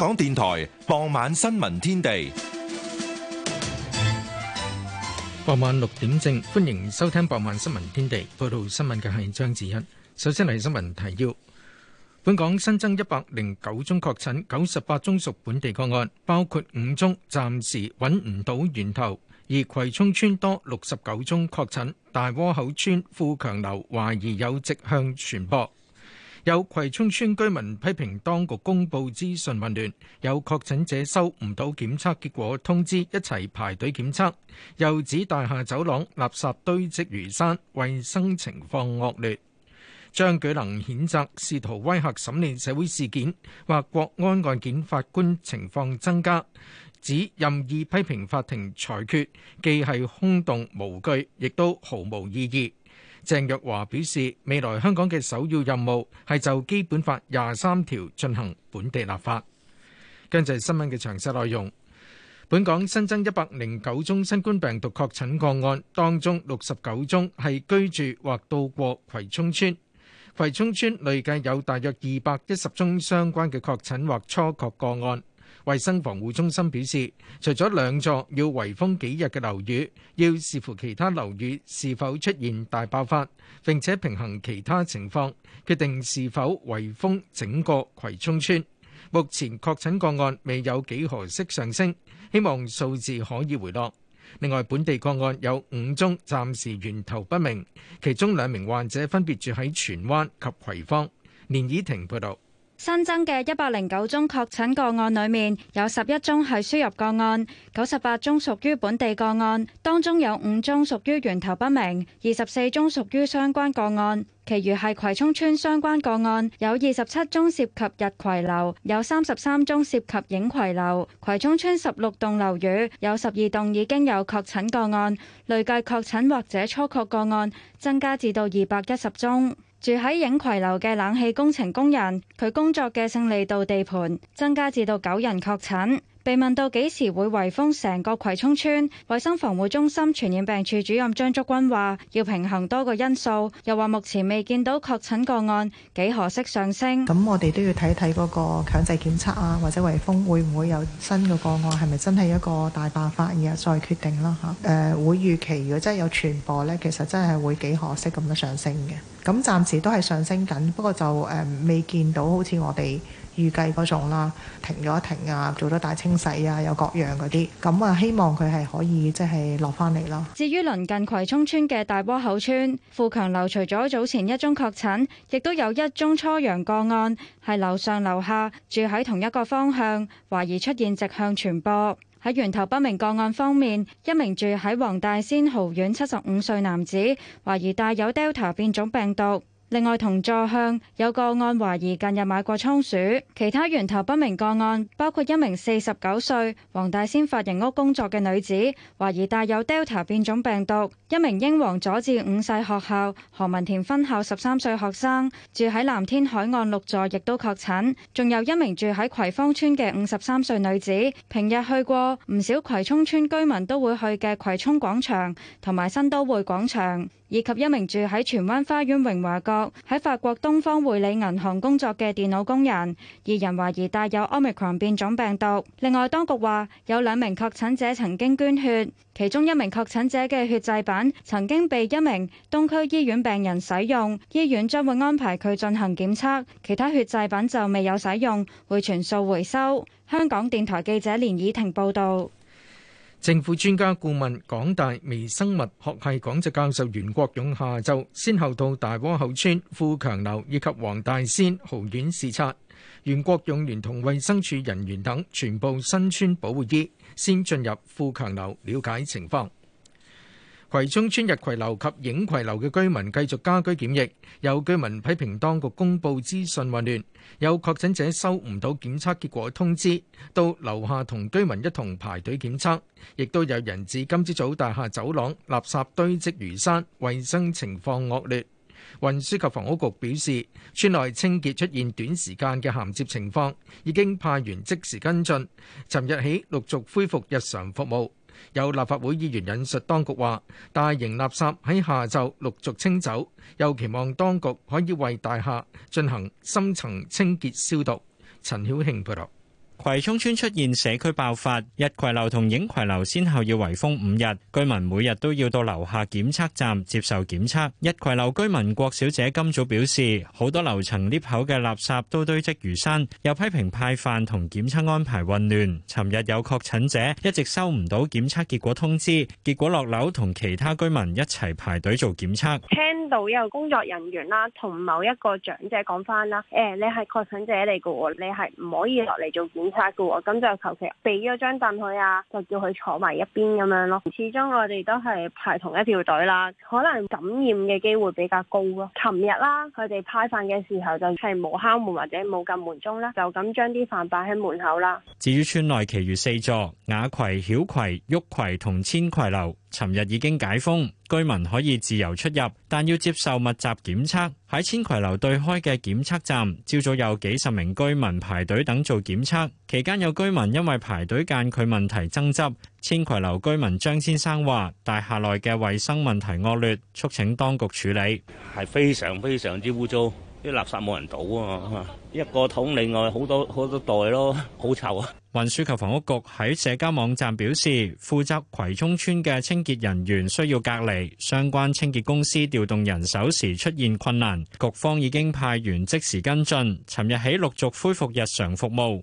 港電台傍晚新聞天地，傍晚六點正，歡迎收聽傍晚新聞天地。報道新聞嘅係張子欣。首先嚟新聞提要：本港新增一百零九宗確診，九十八宗屬本地個案，包括五宗暫時揾唔到源頭，而葵涌村多六十九宗確診，大窩口村富強樓懷疑有跡象傳播。有葵涌村居民批評當局公布資訊混亂，有確診者收唔到檢測結果通知，一齊排隊檢測；又指大廈走廊垃圾堆積如山，衛生情況惡劣。張舉能譴責，試圖威吓審理社會事件，或國安案件法官情況增加，指任意批評法庭裁裁決既係空洞無據，亦都毫無意義。鄭若驊表示，未來香港嘅首要任務係就《基本法》廿三條進行本地立法。跟住係新聞嘅詳細內容。本港新增一百零九宗新冠病毒確診個案，當中六十九宗係居住或到過葵涌村。葵涌村累計有大約二百一十宗相關嘅確診或初確個案。衛生防護中心表示，除咗兩座要圍封幾日嘅樓宇，要視乎其他樓宇是否出現大爆發，並且平衡其他情況，決定是否圍封整個葵涌村。目前確診個案未有幾何式上升，希望數字可以回落。另外，本地個案有五宗，暫時源頭不明，其中兩名患者分別住喺荃灣及葵芳。連倚婷報導。新增嘅一百零九宗確診個案裏面，有十一宗係輸入個案，九十八宗屬於本地個案，當中有五宗屬於源頭不明，二十四宗屬於相關個案，其餘係葵涌村相關個案，有二十七宗涉及逸葵樓，有三十三宗涉及映葵樓。葵涌村十六棟樓宇，有十二棟已經有確診個案，累計確診或者初確個案增加至到二百一十宗。住喺影葵樓嘅冷氣工程工人，佢工作嘅勝利道地盤增加至到九人確診。被問到幾時會圍封成個葵涌村，衞生防護中心傳染病處主任張竹君話：要平衡多個因素，又話目前未見到確診個案，幾何式上升。咁我哋都要睇睇嗰個強制檢測啊，或者圍封會唔會有新嘅個案，係咪真係一個大爆發而再決定啦嚇。誒、呃、會預期，如果真係有傳播咧，其實真係會幾何式咁樣上升嘅。咁暫時都係上升緊，不過就誒、呃、未見到好似我哋。預計嗰種啦，停咗一停啊，做咗大清洗啊，有各樣嗰啲，咁啊希望佢係可以即係落翻嚟咯。就是、至於鄰近葵涌村嘅大窩口村富強樓，除咗早前一宗確診，亦都有一宗初陽個案，係樓上樓下住喺同一個方向，懷疑出現直向傳播。喺源頭不明個案方面，一名住喺黃大仙豪苑七十五歲男子，懷疑帶有 Delta 變種病毒。另外，同座向有個案懷疑近日買過倉鼠，其他源頭不明個案包括一名四十九歲黃大仙髮型屋工作嘅女子，懷疑帶有 Delta 變種病毒；一名英皇佐治五世學校何文田分校十三歲學生住喺藍天海岸六座，亦都確診。仲有一名住喺葵芳村嘅五十三歲女子，平日去過唔少葵涌村居民都會去嘅葵涌廣場同埋新都會廣場，以及一名住喺荃灣花園榮華閣、喺法國東方匯理銀行工作嘅電腦工人，二人懷疑帶有 Omicron 變種病毒。另外，當局話有兩名確診者曾經捐血，其中一名確診者嘅血製品曾經被一名東區醫院病人使用，醫院將會安排佢進行檢測，其他血製品就未有使用，會全數回收。香港電台記者連以婷報道。政府專家顧問、港大微生物學系講席教授袁國勇下晝先後到大窩口村富強樓以及黃大仙豪苑視察。袁國勇聯同衛生署人員等全部身穿保護衣，先進入富強樓了解情況。葵涌村日葵樓及影葵樓嘅居民繼續家居檢疫，有居民批評當局公布資訊混亂，有確診者收唔到檢測結果通知，到樓下同居民一同排隊檢測，亦都有人指今朝早大廈走廊垃圾堆積如山，衛生情況惡劣。運輸及房屋局表示，村內清潔出現短時間嘅銜接情況，已經派員即時跟進，尋日起陸續恢復日常服務。有立法會議員引述當局話：大型垃圾喺下晝陸續清走，又期望當局可以為大廈進行深層清潔消毒。陳曉慶報道。葵涌村出現社區爆發，日葵樓同影葵樓先後要圍封五日，居民每日都要到樓下檢測站接受檢測。日葵樓居民郭小姐今早表示，好多樓層裂口嘅垃圾都堆積如山，又批評派飯同檢測安排混亂。尋日有確診者一直收唔到檢測結果通知，結果落樓同其他居民一齊排隊做檢測。聽到有工作人員啦，同某一個長者講返啦，誒，你係確診者嚟嘅喎，你係唔可以落嚟做檢。差嘅，咁就求其俾咗張凳佢啊，就叫佢坐埋一邊咁樣咯。始終我哋都係排同一條隊啦，可能感染嘅機會比較高咯。琴日啦，佢哋派飯嘅時候就係冇敲門或者冇撳門鐘啦，就咁將啲飯擺喺門口啦。至於村內其餘四座雅葵、曉葵、玉葵同千葵樓。尋日已經解封，居民可以自由出入，但要接受密集檢測。喺千葵樓對開嘅檢測站，朝早有幾十名居民排隊等做檢測，期間有居民因為排隊間距問題爭執。千葵樓居民張先生話：大廈內嘅衞生問題惡劣，促請當局處理，係非常非常之污糟。啲垃圾冇人倒啊！一個桶，另外好多好多袋咯，好臭啊！運輸及房屋局喺社交網站表示，負責葵涌村嘅清潔人員需要隔離，相關清潔公司調動人手時出現困難，局方已經派員即時跟進，尋日起陸續恢復日常服務。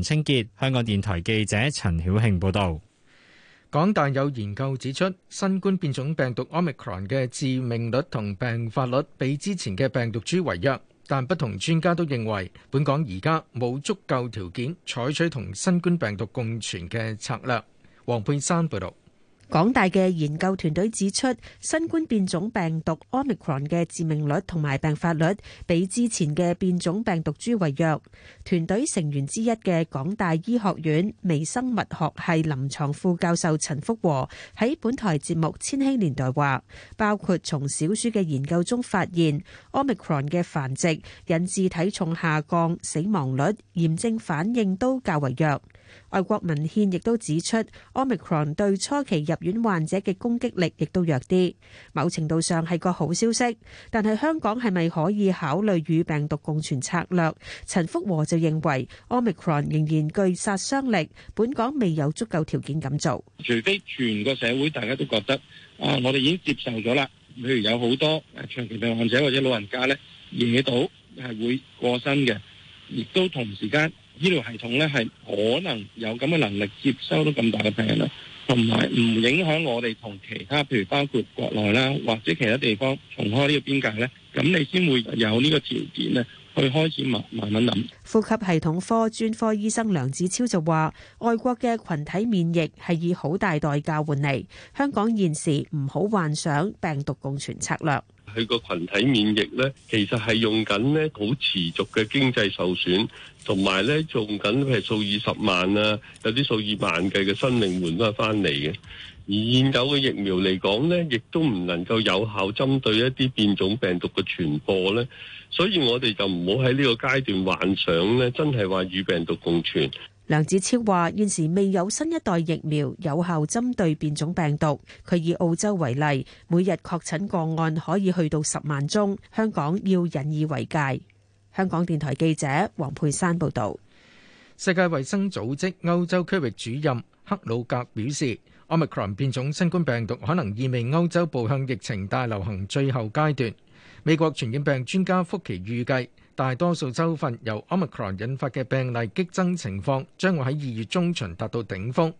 清潔。香港電台記者陳曉慶報導。港大有研究指出，新冠變種病毒 Omicron 嘅致命率同病發率比之前嘅病毒株為弱，但不同專家都認為，本港而家冇足夠條件採取同新冠病毒共存嘅策略。黃佩珊報導。港大嘅研究團隊指出，新冠變種病毒 Omicron 嘅致命率同埋病發率比之前嘅變種病毒株為弱。團隊成員之一嘅港大醫學院微生物學系臨床副教授陳福和喺本台節目《千禧年代》話，包括從小鼠嘅研究中發現，Omicron 嘅繁殖引致體重下降、死亡率、炎症反應都較為弱。外國文獻亦都指出，omicron 對初期入院患者嘅攻擊力亦都弱啲，某程度上係個好消息。但係香港係咪可以考慮與病毒共存策略？陳福和就認為 omicron 仍然具殺傷力，本港未有足夠條件咁做。除非全個社會大家都覺得啊，我哋已經接受咗啦。譬如有好多長期病患者或者老人家咧，惹到係會過身嘅，亦都同時間，醫療系統咧係可能有咁嘅能力接收到咁大嘅病人咧，同埋唔影響我哋同其他譬如包括國內啦，或者其他地方重開呢個邊界咧，咁你先會有呢個條件咧，去開始慢慢慢諗。呼吸系統科專科醫生梁子超就話，外國嘅羣體免疫係以好大代價換嚟，香港現時唔好幻想病毒共存策略。佢個群體免疫呢，其實係用緊呢好持續嘅經濟受損，同埋呢做緊係數以十萬啊，有啲數以萬計嘅生命換都係翻嚟嘅。而現有嘅疫苗嚟講呢，亦都唔能夠有效針對一啲變種病毒嘅傳播呢。所以我哋就唔好喺呢個階段幻想呢，真係話與病毒共存。梁子超話：現時未有新一代疫苗有效針對變種病毒。佢以澳洲為例，每日確診個案可以去到十萬宗，香港要引以為戒。香港電台記者黃佩珊報導。世界衛生組織歐洲區域主任克魯格表示，奧密克戎變種新冠病毒可能意味歐洲步向疫情大流行最後階段。美國傳染病專家福奇預計，大多數州份由 Omicron 引發嘅病例激增情況，將會喺二月中旬達到頂峰。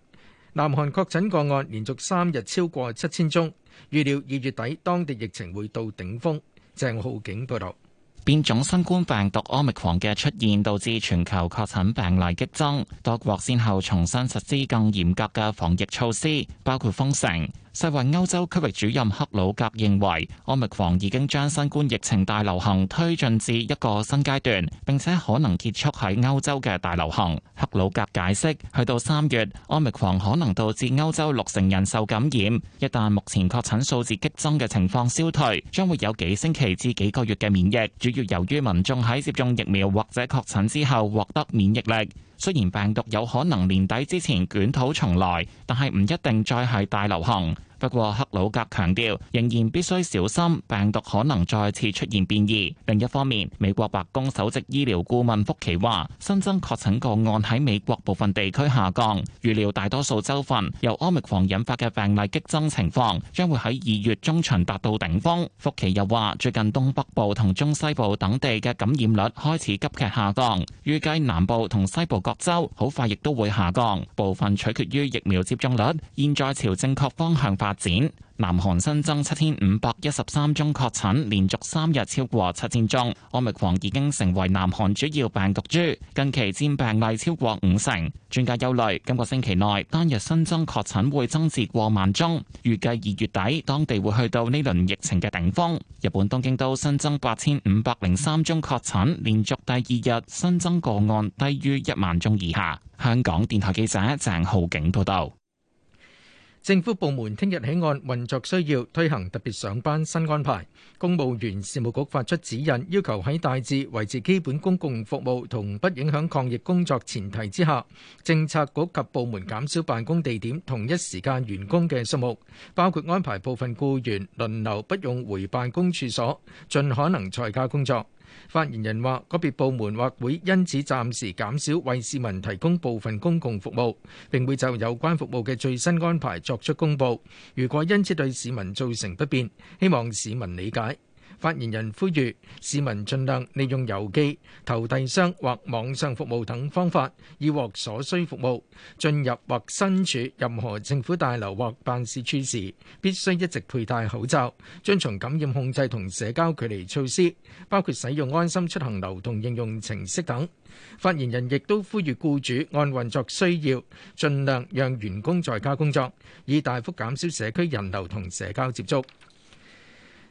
南韓確診個案連續三日超過七千宗，預料二月底當地疫情會到頂峰。鄭浩景報道，變種新冠病毒 Omicron 嘅出現導致全球確診病例激增，多國先後重新實施更嚴格嘅防疫措施，包括封城。世衛歐洲區域主任克魯格認為，Omicron 已經將新冠疫情大流行推進至一個新階段，並且可能結束喺歐洲嘅大流行。克魯格解釋，去到三月，Omicron 可能導致歐洲六成人受感染。一旦目前確診數字激增嘅情況消退，將會有幾星期至幾個月嘅免疫。主要由於民眾喺接種疫苗或者確診之後獲得免疫力。雖然病毒有可能年底之前捲土重來，但係唔一定再係大流行。不過克魯格強調，仍然必須小心病毒可能再次出現變異。另一方面，美國白宮首席醫療顧問福奇話，新增確診個案喺美國部分地區下降，預料大多數州份由奧密克戎引發嘅病例激增情況，將會喺二月中旬達到頂峰。福奇又話，最近東北部同中西部等地嘅感染率開始急劇下降，預計南部同西部各州好快亦都會下降，部分取決於疫苗接種率，現在朝正確方向發發展，南韓新增七千五百一十三宗確診，連續三日超過七千宗。奧密克戎已經成為南韓主要病毒株，近期佔病例超過五成。專家憂慮，今個星期內單日新增確診會增至過萬宗，預計二月底當地會去到呢輪疫情嘅頂峰。日本東京都新增八千五百零三宗確診，連續第二日新增個案低於一萬宗以下。香港電台記者鄭浩景報道。政府部門聽日起按運作需要推行特別上班新安排。公務員事務局發出指引，要求喺大致維持基本公共服務同不影響抗疫工作前提之下，政策局及部門減少辦公地點，同一時間員工嘅數目，包括安排部分僱員，輪流不用回辦公處所，盡可能在家工作。發言人話：個別部門或會因此暫時減少為市民提供部分公共服務，並會就有關服務嘅最新安排作出公佈。如果因此對市民造成不便，希望市民理解。發言人呼籲市民儘量利用郵寄、投遞箱或網上服務等方法以獲所需服務。進入或身處任何政府大樓或辦事處時，必須一直佩戴口罩，遵從感染控制同社交距離措施，包括使用安心出行流動應用程式等。發言人亦都呼籲僱主按運作需要，儘量讓員工在家工作，以大幅減少社區人流同社交接觸。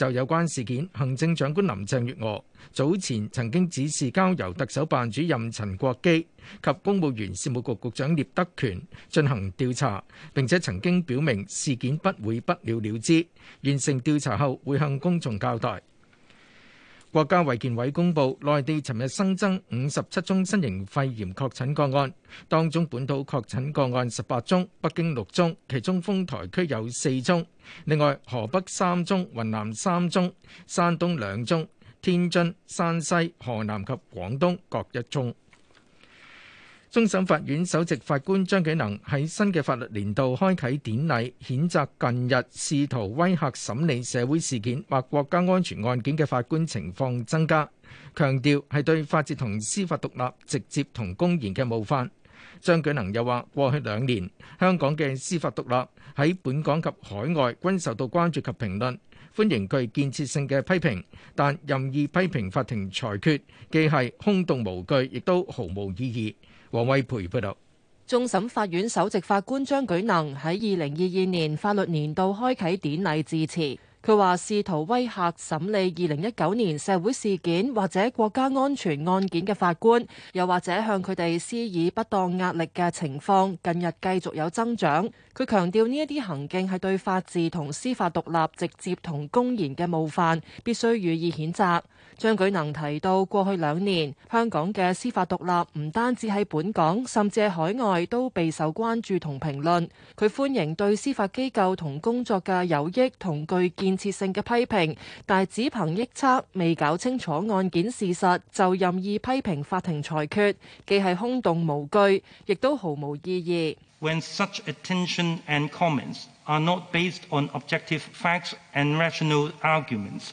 就有關事件，行政長官林鄭月娥早前曾經指示交由特首辦主任陳國基及公務員事務局局，局長聶德權進行調查，並且曾經表明事件不會不了了之，完成調查後會向公眾交代。國家衛健委公布，內地尋日新增五十七宗新型肺炎確診個案，當中本土確診個案十八宗，北京六宗，其中豐台區有四宗，另外河北三宗、雲南三宗、山東兩宗、天津、山西、河南及廣東各一宗。終審法院首席法官張舉能喺新嘅法律年度開啓典禮，譴責近日試圖威嚇審理社會事件或國家安全案件嘅法官情況增加，強調係對法治同司法獨立直接同公然嘅冒犯。張舉能又話：過去兩年香港嘅司法獨立喺本港及海外均受到關注及評論，歡迎具建設性嘅批評，但任意批評法庭裁裁決既係空洞無據，亦都毫無意義。王偉培報道，終審法院首席法官張舉能喺二零二二年法律年度開啟典禮致辭，佢話試圖威嚇審理二零一九年社會事件或者國家安全案件嘅法官，又或者向佢哋施以不當壓力嘅情況，近日繼續有增長。佢強調呢一啲行徑係對法治同司法獨立直接同公然嘅冒犯，必須予以，以譴責。張舉能提到，過去兩年香港嘅司法獨立唔單止喺本港，甚至喺海外都備受關注同評論。佢歡迎對司法機構同工作嘅有益同具建設性嘅批評，但只憑臆測、未搞清楚案件事實就任意批評法庭裁決，既係空洞無據，亦都毫無意義。When such attention and comments are not based on objective facts and rational arguments.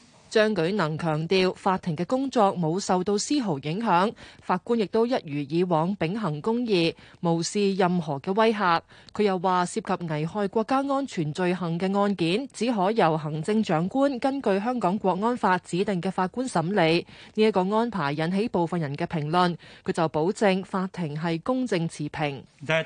張舉能強調，法庭嘅工作冇受到絲毫影響，法官亦都一如以往秉行公義，無視任何嘅威嚇。佢又話，涉及危害國家安全罪行嘅案件，只可由行政長官根據香港國安法指定嘅法官審理。呢一個安排引起部分人嘅評論，佢就保證法庭係公正持平。That,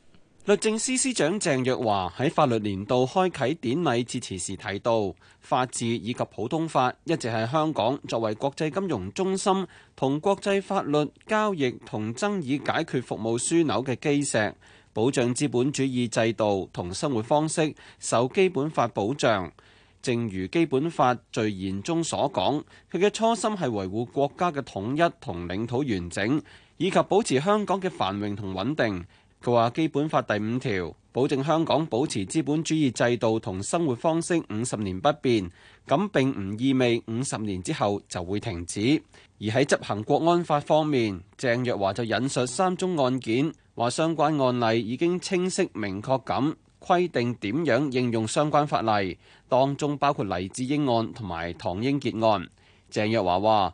律政司司長鄭若驊喺法律年度開啟典禮致辭時提到，法治以及普通法一直係香港作為國際金融中心同國際法律交易同爭議解決服務樞紐嘅基石，保障資本主義制度同生活方式受基本法保障。正如基本法序言中所講，佢嘅初心係維護國家嘅統一同領土完整，以及保持香港嘅繁榮同穩定。佢話《基本法》第五條保證香港保持資本主義制度同生活方式五十年不變，咁並唔意味五十年之後就會停止。而喺執行國安法方面，鄭若驊就引述三宗案件，話相關案例已經清晰明確咁規定點樣應用相關法例，當中包括黎智英案同埋唐英傑案。鄭若驊話。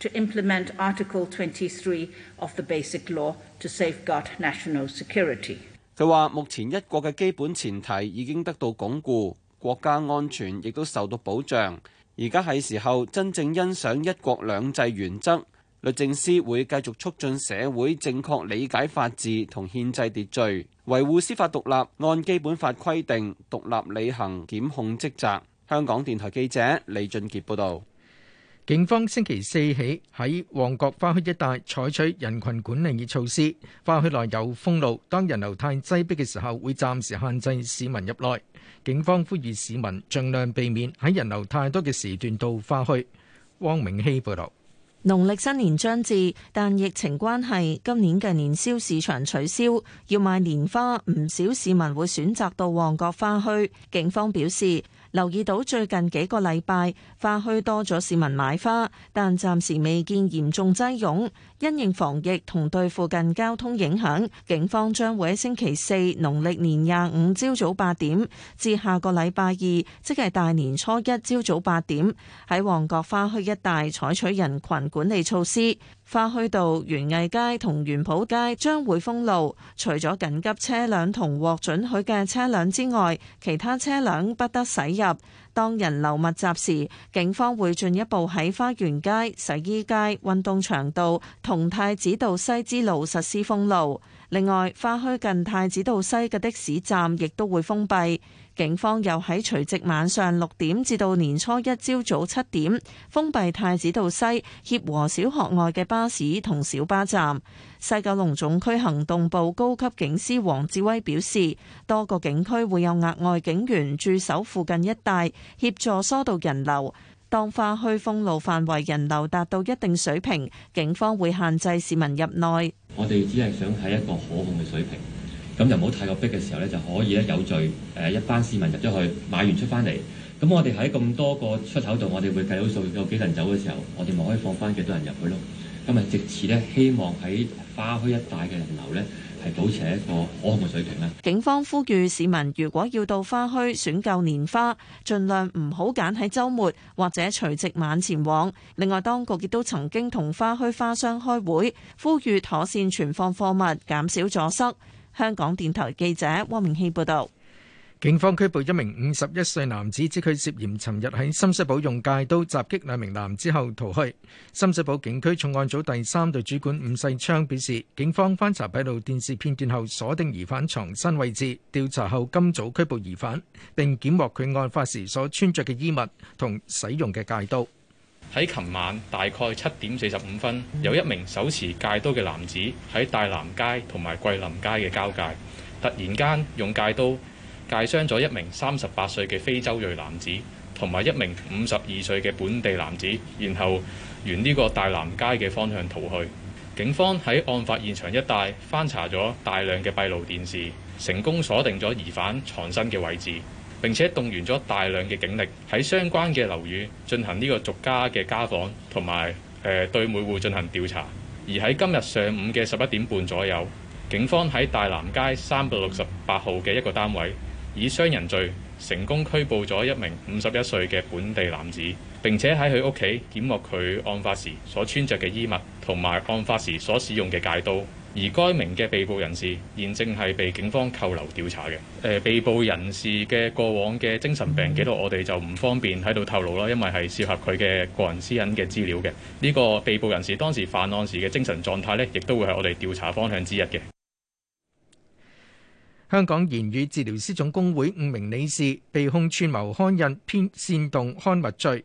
to implement Article 23 of the Basic Law to safeguard national security. 佢話：目前一國嘅基本前提已經得到鞏固，國家安全亦都受到保障。而家係時候真正欣賞一國兩制原則。律政司會繼續促進社會正確理解法治同憲制秩序，維護司法獨立，按基本法規定獨立履行檢控職責。香港電台記者李俊傑報道。警方星期四起喺旺角花墟一帶採取人群管理嘅措施，花墟內有封路，當人流太擠迫嘅時候，會暫時限制市民入內，警方呼籲市民盡量避免喺人流太多嘅時段到花墟。汪明希報道。農曆新年將至，但疫情關係，今年嘅年宵市場取消，要買年花，唔少市民會選擇到旺角花墟。警方表示。留意到最近幾個禮拜花墟多咗市民買花，但暫時未見嚴重擠擁。因應防疫同對附近交通影響，警方將會喺星期四農曆早早（農曆年廿五）朝早八點至下個禮拜二，即係大年初一朝早八點，喺旺角花墟一帶採取人群管理措施。花墟道、園藝街同園圃街將會封路，除咗緊急車輛同獲准許嘅車輛之外，其他車輛不得駛入。當人流密集時，警方會進一步喺花園街、洗衣街、運動場道同太子道西支路實施封路。另外，花墟近太子道西嘅的，的士站亦都會封閉。警方又喺除夕晚上六點至到年初一朝早七點封閉太子道西協和小學外嘅巴士同小巴站。西九龍總區行動部高級警司黃志威表示，多個警區會有額外警員駐守附近一帶，協助疏導人流。當花墟封路範圍人流達到一定水平，警方會限制市民入內。我哋只係想睇一個可控嘅水平。咁就唔好太過逼嘅時候咧，就可以咧，有序。誒一班市民入咗去買完出翻嚟，咁我哋喺咁多個出口度，我哋會計到數有幾人走嘅時候，我哋咪可以放翻幾多人入去咯。咁啊，直至咧希望喺花墟一帶嘅人流咧係保持一個可控嘅水平啦。警方呼籲市民，如果要到花墟選購年花，盡量唔好揀喺週末或者除夕晚前往。另外，當局亦都曾經同花墟花商開會，呼籲妥善存放貨物，減少阻塞。香港電台記者汪明熙報道，警方拘捕一名五十一歲男子，指佢涉嫌尋日喺深水埗，用戒刀襲擊兩名男子後逃去。深水埗警區重案組第三隊主管伍世昌表示，警方翻查閉路電視片段後，鎖定疑犯藏身位置，調查後今早拘捕疑犯，並檢獲佢案發時所穿着嘅衣物同使用嘅戒刀。喺琴晚大概七點四十五分，有一名手持鎅刀嘅男子喺大南街同埋桂林街嘅交界，突然間用鎅刀鎅傷咗一名三十八歲嘅非洲裔男子同埋一名五十二歲嘅本地男子，然後沿呢個大南街嘅方向逃去。警方喺案發現場一帶翻查咗大量嘅閉路電視，成功鎖定咗疑犯藏身嘅位置。並且動員咗大量嘅警力喺相關嘅樓宇進行呢個逐家嘅家訪，同埋誒對每戶進行調查。而喺今日上午嘅十一點半左右，警方喺大南街三百六十八號嘅一個單位，以傷人罪成功拘捕咗一名五十一歲嘅本地男子。並且喺佢屋企檢獲佢案發時所穿着嘅衣物，同埋案發時所使用嘅戒刀。而該名嘅被捕人士現正係被警方扣留調查嘅。誒，被捕人士嘅過往嘅精神病記錄，我哋就唔方便喺度透露啦，因為係涉及佢嘅個人私隱嘅資料嘅。呢個被捕人士當時犯案時嘅精神狀態呢，亦都會係我哋調查方向之一嘅。香港言語治療師總工會五名理事被控串謀刊印、編煽動刊物罪。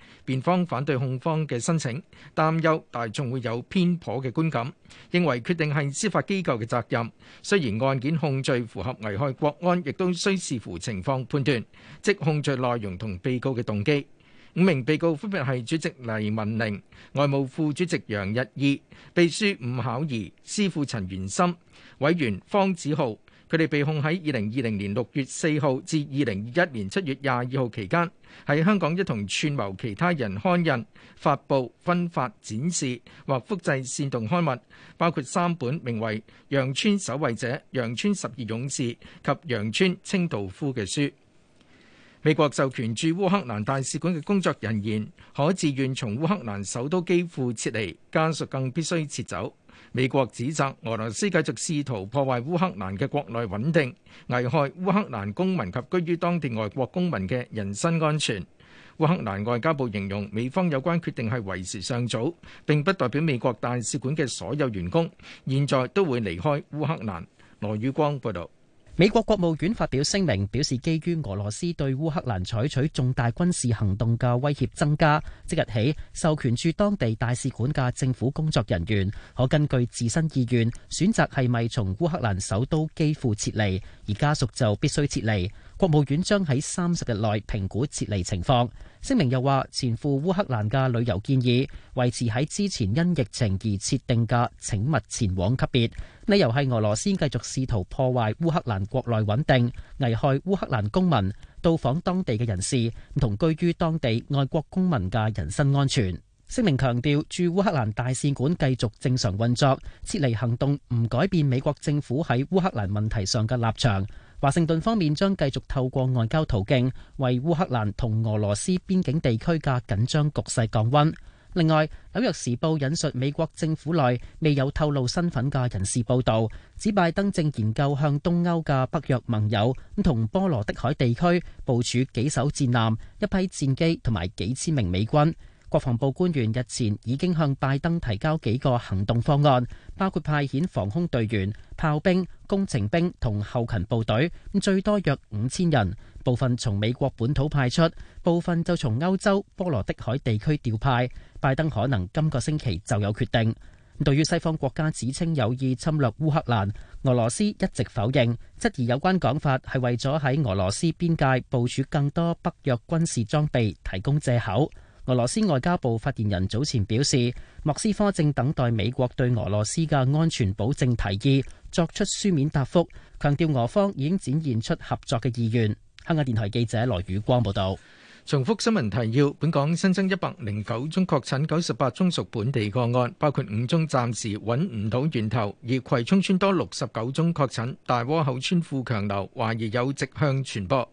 辯方反對控方嘅申請，擔憂大眾會有偏頗嘅觀感，認為決定係司法機構嘅責任。雖然案件控罪符合危害國安，亦都需視乎情況判斷，即控罪內容同被告嘅動機。五名被告分別係主席黎文玲、外務副主席楊日義、秘書吳巧儀、司庫陳元森、委員方子浩，佢哋被控喺二零二零年六月四號至二零二一年七月廿二號期間，喺香港一同串謀其他人刊印、發佈、分發、展示或複製煽動刊物，包括三本名為《羊村守衛者》、《羊村十二勇士》及《羊村清道夫》嘅書。美國授權駐烏克蘭大使館嘅工作人員可自願從烏克蘭首都基輔撤離，家屬更必須撤走。美國指責俄羅斯繼續試圖破壞烏克蘭嘅國內穩定，危害烏克蘭公民及居於當地外國公民嘅人身安全。烏克蘭外交部形容美方有關決定係為時尚早，並不代表美國大使館嘅所有員工現在都會離開烏克蘭。羅宇光報道。美國國務院發表聲明，表示基於俄羅斯對烏克蘭採取重大軍事行動嘅威脅增加，即日起授權駐當地大使館嘅政府工作人員可根據自身意願選擇係咪從烏克蘭首都基輔撤離，而家屬就必須撤離。國務院將喺三十日內評估撤離情況。聲明又話，前赴烏克蘭嘅旅遊建議維持喺之前因疫情而設定嘅請勿前往級別。理由係俄羅斯繼續試圖破壞烏克蘭國內穩定，危害烏克蘭公民到訪當地嘅人士同居於當地外國公民嘅人身安全。聲明強調，駐烏克蘭大使館繼續正常運作，撤離行動唔改變美國政府喺烏克蘭問題上嘅立場。華盛頓方面將繼續透過外交途徑為烏克蘭同俄羅斯邊境地區嘅緊張局勢降溫。另外，《紐約時報》引述美國政府內未有透露身份嘅人士報道，指拜登正研究向東歐嘅北約盟友同波羅的海地區部署幾艘戰艦，一批戰機同埋幾千名美軍。國防部官員日前已經向拜登提交幾個行動方案，包括派遣防空隊員、炮兵、工程兵同後勤部隊，最多約五千人。部分從美國本土派出，部分就從歐洲波羅的海地區調派。拜登可能今個星期就有決定。咁對於西方國家指稱有意侵略烏克蘭，俄羅斯一直否認，質疑有關講法係為咗喺俄羅斯邊界部署更多北約軍事裝備提供借口。俄羅斯外交部發言人早前表示，莫斯科正等待美國對俄羅斯嘅安全保證提議作出書面答覆，強調俄方已經展現出合作嘅意願。香港電台記者羅宇光報道。重複新聞提要：本港新增一百零九宗確診，九十八宗屬本地個案，包括五宗暫時揾唔到源頭，而葵涌村多六十九宗確診，大窩口村富強樓懷疑有直向傳播。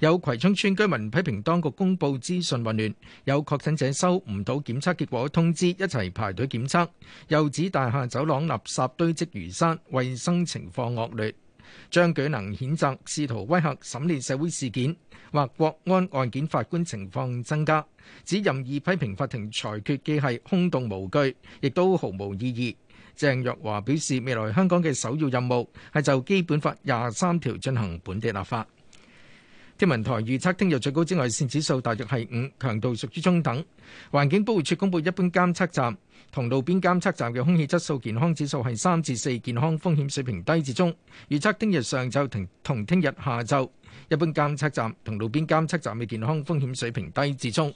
有葵涌村居民批評當局公佈資訊混亂，有確診者收唔到檢測結果通知，一齊排隊檢測。又指大廈走廊垃圾堆積如山，衛生情況惡劣。張舉能譴責試圖威嚇審理社會事件或國安案件法官情況增加，指任意批評法庭裁，裁決既係空洞無據，亦都毫無意義。鄭若驊表示，未來香港嘅首要任務係就基本法廿三條進行本地立法。天文台預測聽日最高紫外線指數大約係五，強度屬於中等。環境保護署公佈一般監測站同路邊監測站嘅空氣質素健康指數係三至四，健康風險水平低至中。預測聽日上晝同聽日下晝，一般監測站同路邊監測站嘅健康風險水平低至中。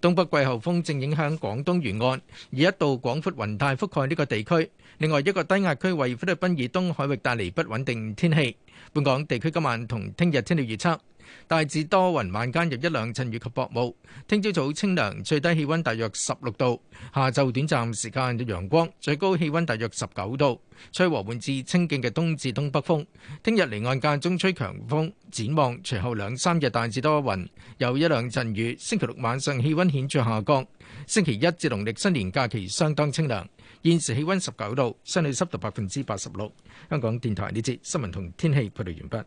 東北季候風正影響廣東沿岸，而一道廣闊雲帶覆蓋呢個地區。另外一個低壓區為菲律賓以東海域帶嚟不穩定天氣。本港地區今晚同聽日天氣預測。大致多雲，晚間有一兩陣雨及薄霧。聽朝早清涼，最低氣溫大約十六度。下晝短暫時間有陽光，最高氣溫大約十九度。吹和緩至清勁嘅東至東北風。聽日離岸間中吹強風，展望隨後兩三日大致多雲，有一兩陣雨。星期六晚上氣溫顯著下降。星期一至農曆新年假期相當清涼。現時氣溫十九度，相對濕度百分之八十六。香港電台呢節新聞同天氣報道完畢。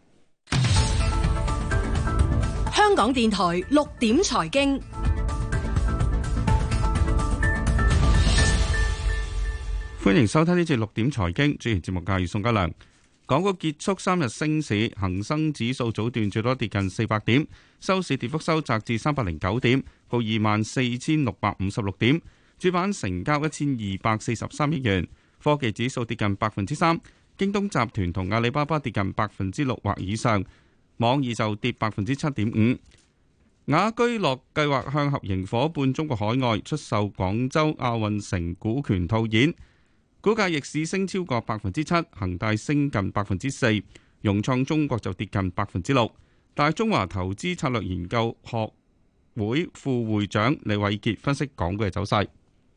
港電台六點財經，歡迎收聽呢次六點財經。主持節目嘅係宋家良。港股結束三日升市，恒生指數早段最多跌近四百點，收市跌幅收窄至三百零九點，報二萬四千六百五十六點，主板成交一千二百四十三億元。科技指數跌近百分之三，京東集團同阿里巴巴跌近百分之六或以上。網易就跌百分之七點五，雅居樂計劃向合營夥伴中國海外出售廣州亞運城股權套現，股價逆市升超過百分之七，恒大升近百分之四，融創中國就跌近百分之六。大中華投資策略研究學會副會長李偉杰分析港股嘅走勢。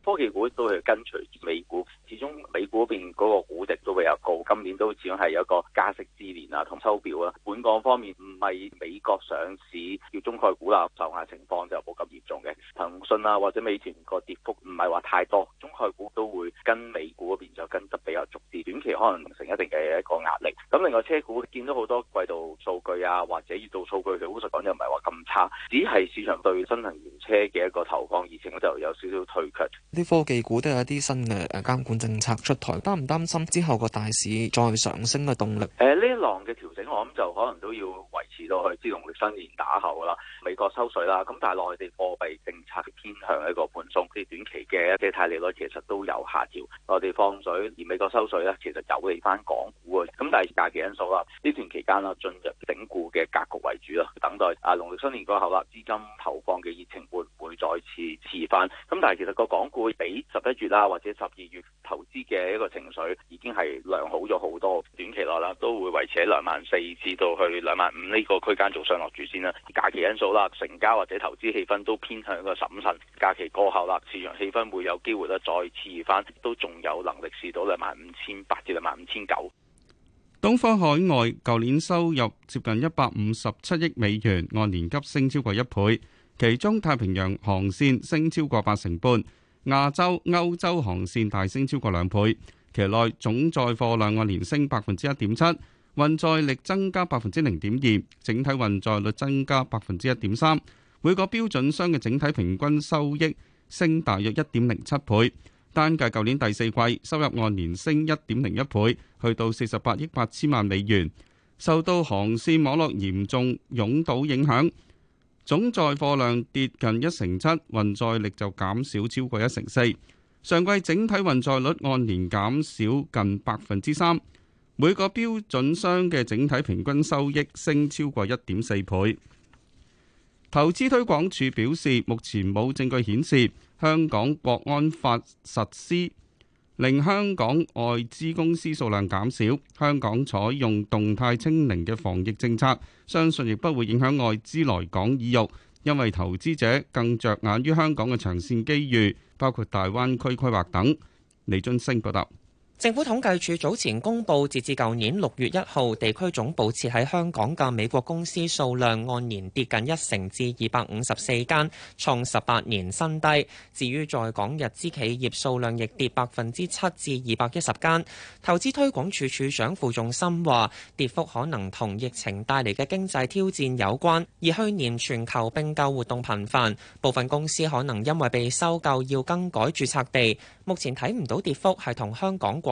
科技股都係跟隨美股，始終美股邊嗰個股值都比較高。今年都始終係有一個加息之年啊，同收表啊。本港方面唔係美國上市要中概股啦、啊，受壓情況就冇咁嚴重嘅。騰訊啊，或者美團個跌幅唔係話太多，中概股都會跟美股嗰邊就跟得比較足啲。短期可能形成一定嘅一個壓力。咁另外車股見到好多季度數據啊，或者月度數據，其實好實講又唔係話咁差，只係市場對新能源車嘅一個投放熱情就有少少退卻。啲科技股都有一啲新嘅誒監管政策出台，擔唔擔心之後個大市再上升嘅動力？誒呢浪嘅調整，我諗就可能都要維持到去農曆新年打後啦。美國收水啦，咁但係內地貨幣政策偏向一個寬鬆，所以短期嘅一啲借貸利率其實都有下調，內地放水，而美國收水咧，其實有利翻港股啊。咁但係假期因素啦，呢段期間啦，進入整固嘅格局為主啦，等待啊農曆新年過後啦，資金投放嘅熱情會唔會再次遲翻？咁但係其實個港股。會比十一月啦，或者十二月投資嘅一個情緒已經係良好咗好多。短期內啦，都會維持喺兩萬四至到去兩萬五呢個區間做上落主線啦。假期因素啦，成交或者投資氣氛都偏向個審慎。假期過後啦，市場氣氛會有機會咧再次熱返，都仲有能力試到兩萬五千八至兩萬五千九。東方海外舊年收入接近一百五十七億美元，按年急升超過一倍，其中太平洋航線升超過八成半。亞洲、歐洲航線大升超過兩倍，期內總載貨量按年升百分之一點七，運載力增加百分之零點二，整體運載率增加百分之一點三，每個標準箱嘅整體平均收益升大約一點零七倍，單計舊年第四季收入按年升一點零一倍，去到四十八億八千萬美元，受到航線網絡嚴重擁堵影響。總載貨量跌近一成七，運載力就減少超過一成四，上季整體運載率按年減少近百分之三，每個標準箱嘅整體平均收益升超過一點四倍。投資推廣署表示，目前冇證據顯示香港國安法實施。令香港外資公司數量減少，香港採用動態清零嘅防疫政策，相信亦不會影響外資來港意欲，因為投資者更着眼於香港嘅長線機遇，包括大灣區規劃等。李俊升報道。政府統計處早前公布，截至舊年六月一號，地區總部設喺香港嘅美國公司數量按年跌近一成，至二百五十四間，創十八年新低。至於在港日資企業數量亦跌百分之七，至二百一十間。投資推廣處處長傅仲森話：跌幅可能同疫情帶嚟嘅經濟挑戰有關，而去年全球並購活動頻繁，部分公司可能因為被收購要更改註冊地。目前睇唔到跌幅係同香港過。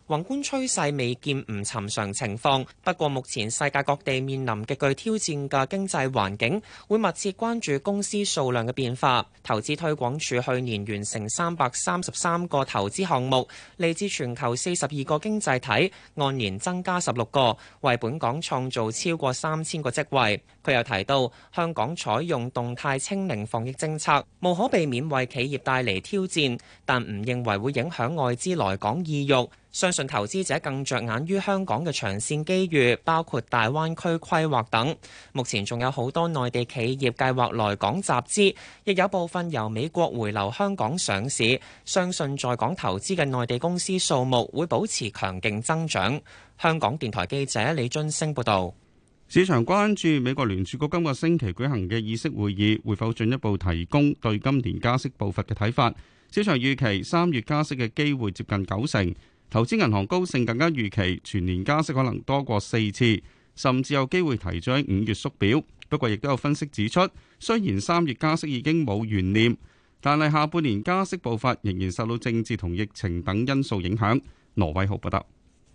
宏觀趨勢未見唔尋常情況，不過目前世界各地面臨極具挑戰嘅經濟環境，會密切關注公司數量嘅變化。投資推廣署去年完成三百三十三個投資項目，嚟自全球四十二個經濟體，按年增加十六個，為本港創造超過三千個職位。佢又提到，香港採用動態清零防疫政策，無可避免為企業帶嚟挑戰，但唔認為會影響外資來港意欲。相信投資者更着眼於香港嘅長線機遇，包括大灣區規劃等。目前仲有好多內地企業計劃來港集資，亦有部分由美國回流香港上市。相信在港投資嘅內地公司數目會保持強勁增長。香港電台記者李津升報道。市場關注美國聯儲局今個星期舉行嘅議息會議會否進一步提供對今年加息步伐嘅睇法？市場預期三月加息嘅機會接近九成。投資銀行高盛更加預期全年加息可能多過四次，甚至有機會提早喺五月縮表。不過，亦都有分析指出，雖然三月加息已經冇懸念，但係下半年加息步伐仍然受到政治同疫情等因素影響。羅偉豪報道。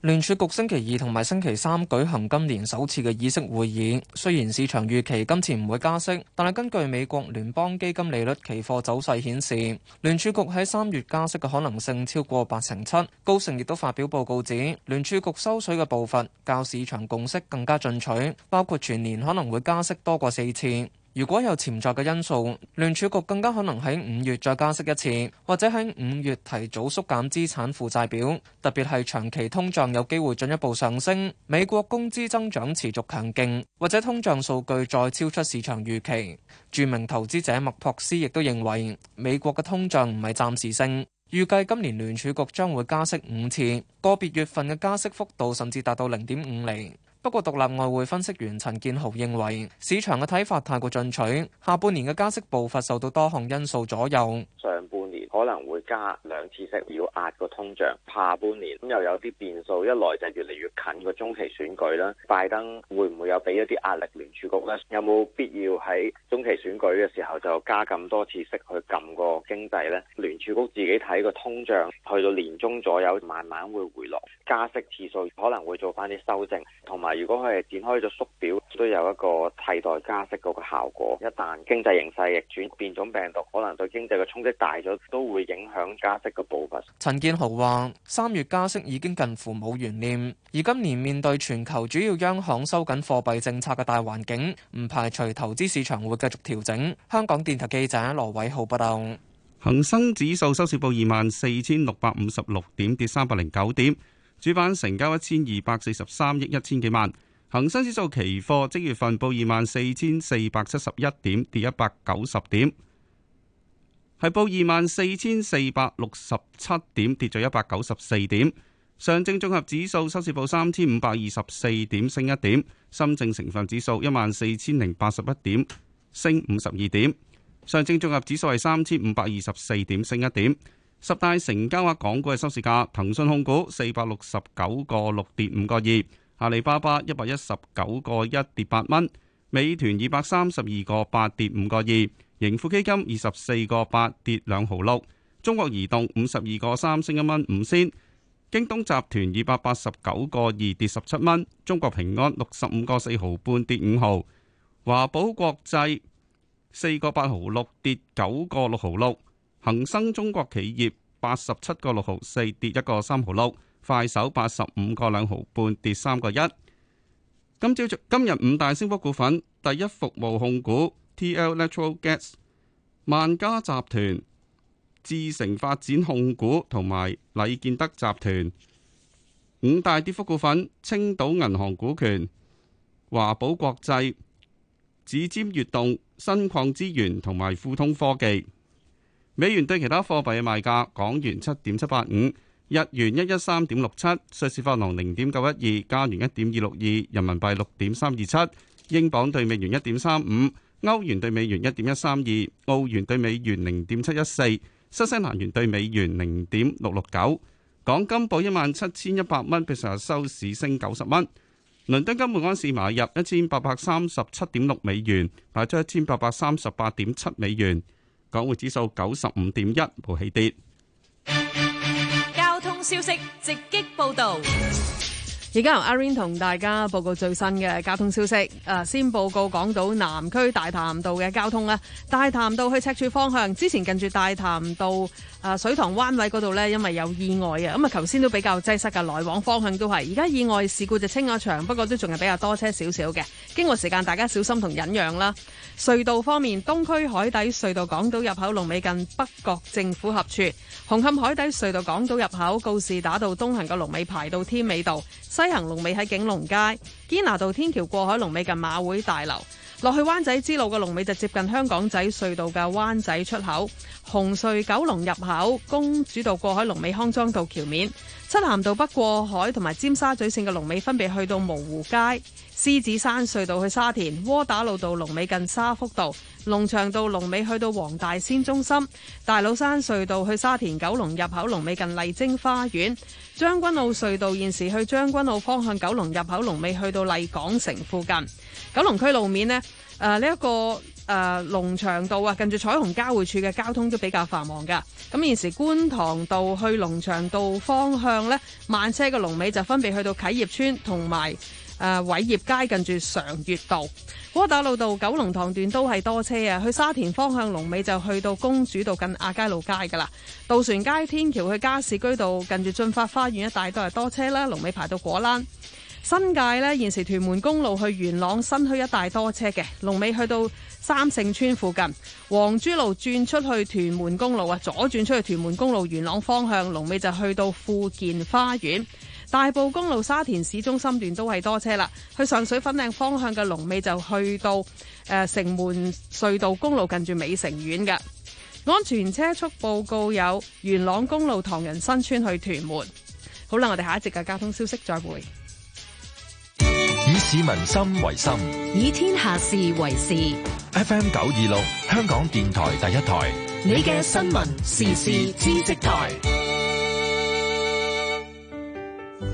聯儲局星期二同埋星期三舉行今年首次嘅議息會議。雖然市場預期今次唔會加息，但係根據美國聯邦基金利率期貨走勢顯示，聯儲局喺三月加息嘅可能性超過八成七。高盛亦都發表報告指，聯儲局收水嘅步伐較市場共識更加進取，包括全年可能會加息多過四次。如果有潛在嘅因素，聯儲局更加可能喺五月再加息一次，或者喺五月提早縮減資產負債表。特別係長期通脹有機會進一步上升，美國工資增長持續強勁，或者通脹數據再超出市場預期。著名投資者麥托斯亦都認為美國嘅通脹唔係暫時性，預計今年聯儲局將會加息五次，個別月份嘅加息幅度甚至達到零點五厘。不過，獨立外匯分析員陳建豪認為，市場嘅睇法太過進取，下半年嘅加息步伐受到多項因素左右。上半可能會加兩次息，要壓個通脹，下半年咁又有啲變數。一來就越嚟越近個中期選舉啦，拜登會唔會有俾一啲壓力聯儲局咧？有冇必要喺中期選舉嘅時候就加咁多次息去撳個經濟咧？聯儲局自己睇個通脹去到年中左右，慢慢會回落，加息次數可能會做翻啲修正。同埋，如果佢係展開咗縮表。都有一個替代加息個效果。一旦經濟形勢逆轉，變種病毒可能對經濟嘅衝擊大咗，都會影響加息嘅步伐。陳建豪話：三月加息已經近乎冇懸念，而今年面對全球主要央行收緊貨幣政策嘅大環境，唔排除投資市場會繼續調整。香港電台記者羅偉浩報導。恒生指數收市報二萬四千六百五十六點，跌三百零九點。主板成交一千二百四十三億一千幾萬。恒生指數期貨即月份報二萬四千四百七十一點，跌一百九十點，係報二萬四千四百六十七點，跌咗一百九十四點。上證綜合指數收市報三千五百二十四點，升一點。深證成分指數一萬四千零八十一點，升五十二點。上證綜合指數係三千五百二十四點，升一點。十大成交額港股嘅收市價，騰訊控股四百六十九個六，跌五個二。阿里巴巴一百一十九個一跌八蚊，美團二百三十二個八跌五個二，盈富基金二十四個八跌兩毫六，中國移動五十二個三升一蚊五仙，京東集團二百八十九個二跌十七蚊，中國平安六十五個四毫半跌五毫，華寶國際四個八毫六跌九個六毫六，恒生中國企業八十七個六毫四跌一個三毫六。快手八十五個兩毫半，跌三個一。今朝今日五大升幅股份：第一服務控股、TL Natural Gas、萬家集團、智成發展控股同埋禮建德集團。五大跌幅股份：青島銀行股權、華寶國際、指尖悅動、新礦資源同埋富通科技。美元對其他貨幣嘅賣價：港元七點七八五。日元一一三點六七，瑞士法郎零點九一二，加元一點二六二，人民幣六點三二七，英鎊對美元一點三五，歐元對美元一點一三二，澳元對美元零點七一四，新西蘭元對美元零點六六九。港金報一萬七千一百蚊，比上日收市升九十蚊。倫敦金每安士買入一千八百三十七點六美元，賣出一千八百三十八點七美元。港匯指數九十五點一，冇起跌。消息直擊報道，而家由阿 Rain 同大家報告最新嘅交通消息。誒，先報告港島南區大潭道嘅交通啦。大潭道去赤柱方向，之前近住大潭道誒水塘灣位嗰度咧，因為有意外啊，咁啊，頭先都比較擠塞噶，來往方向都係。而家意外事故就清咗場，不過都仲係比較多車少少嘅。經過時間，大家小心同忍讓啦。隧道方面，東區海底隧道港島入口龍尾近北角政府合署；紅磡海底隧道港島入口告士打道東行個龍尾排到天美道，西行龍尾喺景隆街；堅拿道天橋過海龍尾近馬會大樓；落去灣仔支路嘅龍尾就接近香港仔隧道嘅灣仔出口；紅隧九龍入口公主道過海龍尾康莊道橋面；漆咸道北過海同埋尖沙咀綫嘅龍尾分別去到蕪湖街。獅子山隧道去沙田窩打老道龍尾近沙福道，龍翔道龍尾去到黃大仙中心，大老山隧道去沙田九龍入口龍尾近麗晶花園，將軍澳隧道現時去將軍澳方向九龍入口龍尾去到麗港城附近。九龍區路面呢，誒呢一個誒龍翔道啊，近住彩虹交匯處嘅交通都比較繁忙噶。咁現時觀塘道去龍翔道方向呢，慢車嘅龍尾就分別去到啟業村同埋。誒，偉業、呃、街近住常悦道、窩打老道、九龍塘段都係多車啊！去沙田方向龍尾就去到公主道近亞皆老街噶啦。渡船街天橋去加士居道近住駿發花園一帶都係多車啦，龍尾排到果欄。新界呢現時屯門公路去元朗新墟一帶多車嘅，龍尾去到三聖村附近。黃珠路轉出去屯門公路啊，左轉出去屯門公路元朗方向，龍尾就去到富健花園。大埔公路沙田市中心段都係多車啦，去上水粉嶺方向嘅龍尾就去到誒、呃、城門隧道公路近住美城苑嘅。安全車速報告有元朗公路唐人新村去屯門。好啦，我哋下一節嘅交通消息再會。以市民心為心，以天下事為事。F.M. 九二六，香港電台第一台，你嘅新聞時事知識台。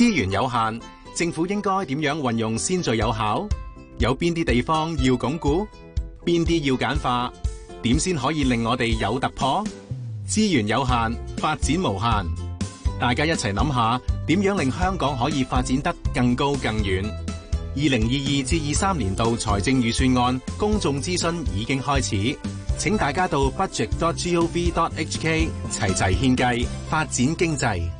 資源有限，政府應該點樣運用先最有效？有邊啲地方要鞏固？邊啲要簡化？點先可以令我哋有突破？資源有限，發展無限，大家一齊諗下，點樣令香港可以發展得更高更遠？二零二二至二三年度財政預算案公眾諮詢已經開始，請大家到 budget.gov.hk 齊齊獻計，發展經濟。